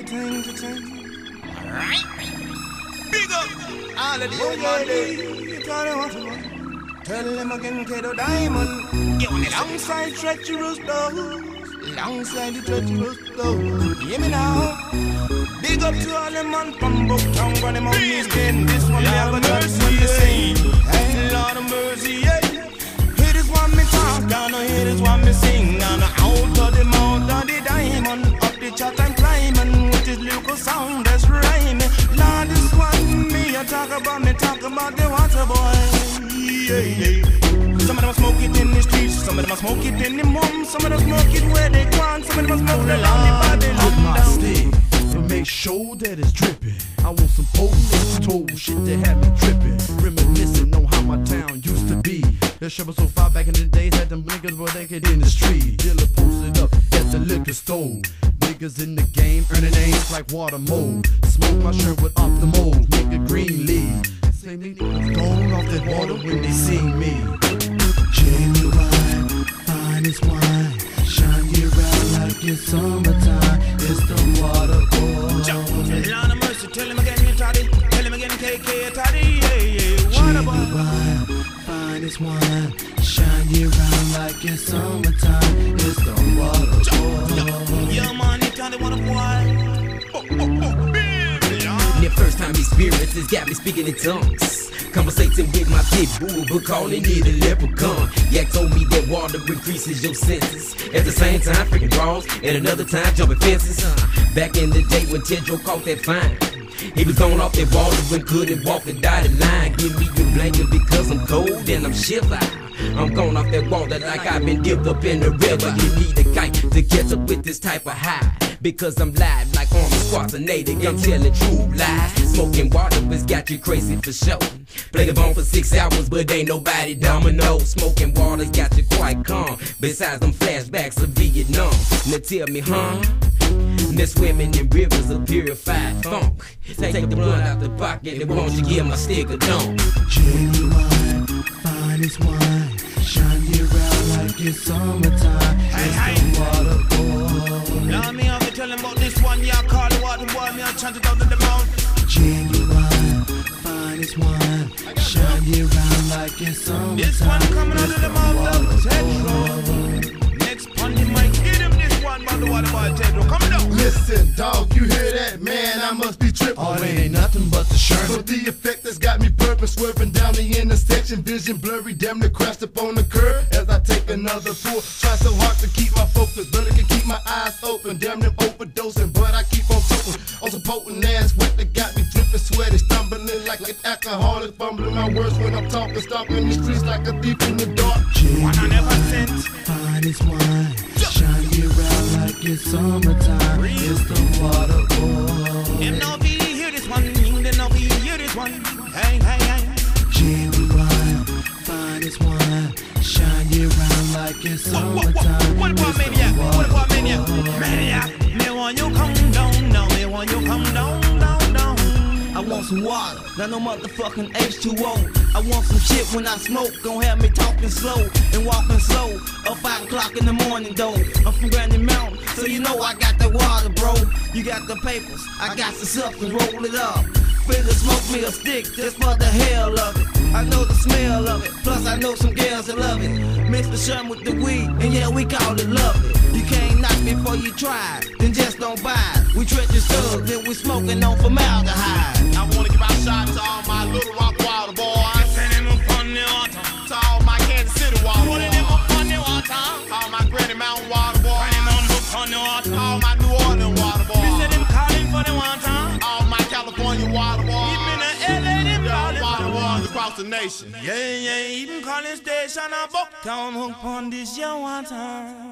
ting, ting, ting. All right. Big up all of the young man. Tell them again, Kato Diamond. Give me alongside treacherous dogs. Alongside the treacherous dogs. Hear me now. Big up to all them on Pumbo Town. Running on these This one, yeah, me have a mercy. Hey, Lord, about the water boy. Yeah, yeah. Some of them smoke it in the streets, some of them smoke it in the mum, some of them smoke it where they want, some of them smoke it around the Babylon. And make sure that it's dripping. I want some potent told shit that have me tripping. Reminiscing on how my town used to be. The shovel so far back in the days had them niggas were naked in the street. Dealer posted up at the liquor store. Niggas in the game earning names like water mold. Smoke my shirt with optimal. Nigga green leaf they need Gone off the water when they see me Genuine, finest wine Shine your out like it's summertime It's the water boy John, Mercy, tell him again you toddy Tell him again KK toddy, yeah, yeah Water boy finest wine Shine your round like it's summertime It's the water boy Yo, man, you toddy water boy experiences got me speaking in tongues. Conversating with my pit bull, but calling it a leprechaun. Yak told me that water increases your senses. At the same time, freaking draws, and another time, jumping fences. Uh, back in the day when Tedro caught that fine. He was on off that water and couldn't walk the dotted line. Give me your blanket because I'm cold and I'm shivering. I'm gone off that water like I've been dipped up in the river. You need a kite to get up with this type of high. Because I'm live like Army Schwarzenegger, I'm telling true lies. Smoking water has got you crazy for sure. Play the bone for six hours, but ain't nobody domino. Smoking water got you quite calm. Besides them flashbacks of Vietnam. Now tell me, huh? They're swimming in rivers of purified funk. Take, Take the blood out the pocket, and won't you give my stick a dunk? Genuine, finest wine, shine your out like it's summertime. me, I'll it down to the bone. Genuine, finest wine, shine you round like it's summertime. This one coming out of the mouth of Tedro. Next on you might get him this one by the water by Tedro. coming down. Listen, dog, you hear that, man? I must be tripping. Oh, it ain't nothing but the shirt. So the effect that's got me purpose swerving down the intersection, vision blurry, damn the crashed up on the curb as I take another pull. Try so hard to keep my focus, but I can keep my eyes open, damn them overdosing potent ass wet that got me dripping, sweaty, stumbling like an alcoholic, fumbling my words when I'm talking, stomping the streets like a thief in the dark. Finest wine, shine you out like it's summertime. It's the water boy. MLB, hear this one. MLB, hear this one. Hey, hey, hey. Genuine, finest wine, shine you out like it's summertime. What, about maniac? What about maniac? Maniac, me want you come down while you come down, down, down. I want some water, not no motherfucking H2O. I want some shit when I smoke, gon' have me talking slow and walking slow. Up 5 o'clock in the morning though. I'm from Grandy Mountain, so you know I got the water, bro. You got the papers, I got the substance, roll it up. Finna smoke me a stick just for the hell of it. I know the smell of it, plus I know some girls that love it. Mix the shun with the weed, and yeah, we call it love it. You can't knock before you try, then just don't buy. We treacherous thugs, then we smoking on formaldehyde. I wanna give out shots to all my little rock water boys. Sending them from the water. To all my Kansas City water boys. Putting them from on the water. To all my Granny Mountain water boys. Running them from on the water. All my New Orleans water boys. We them calling for the water. All my California water boys. Even the water boys across the nation. Yeah, yeah, even calling station. I booked down hook on this your water.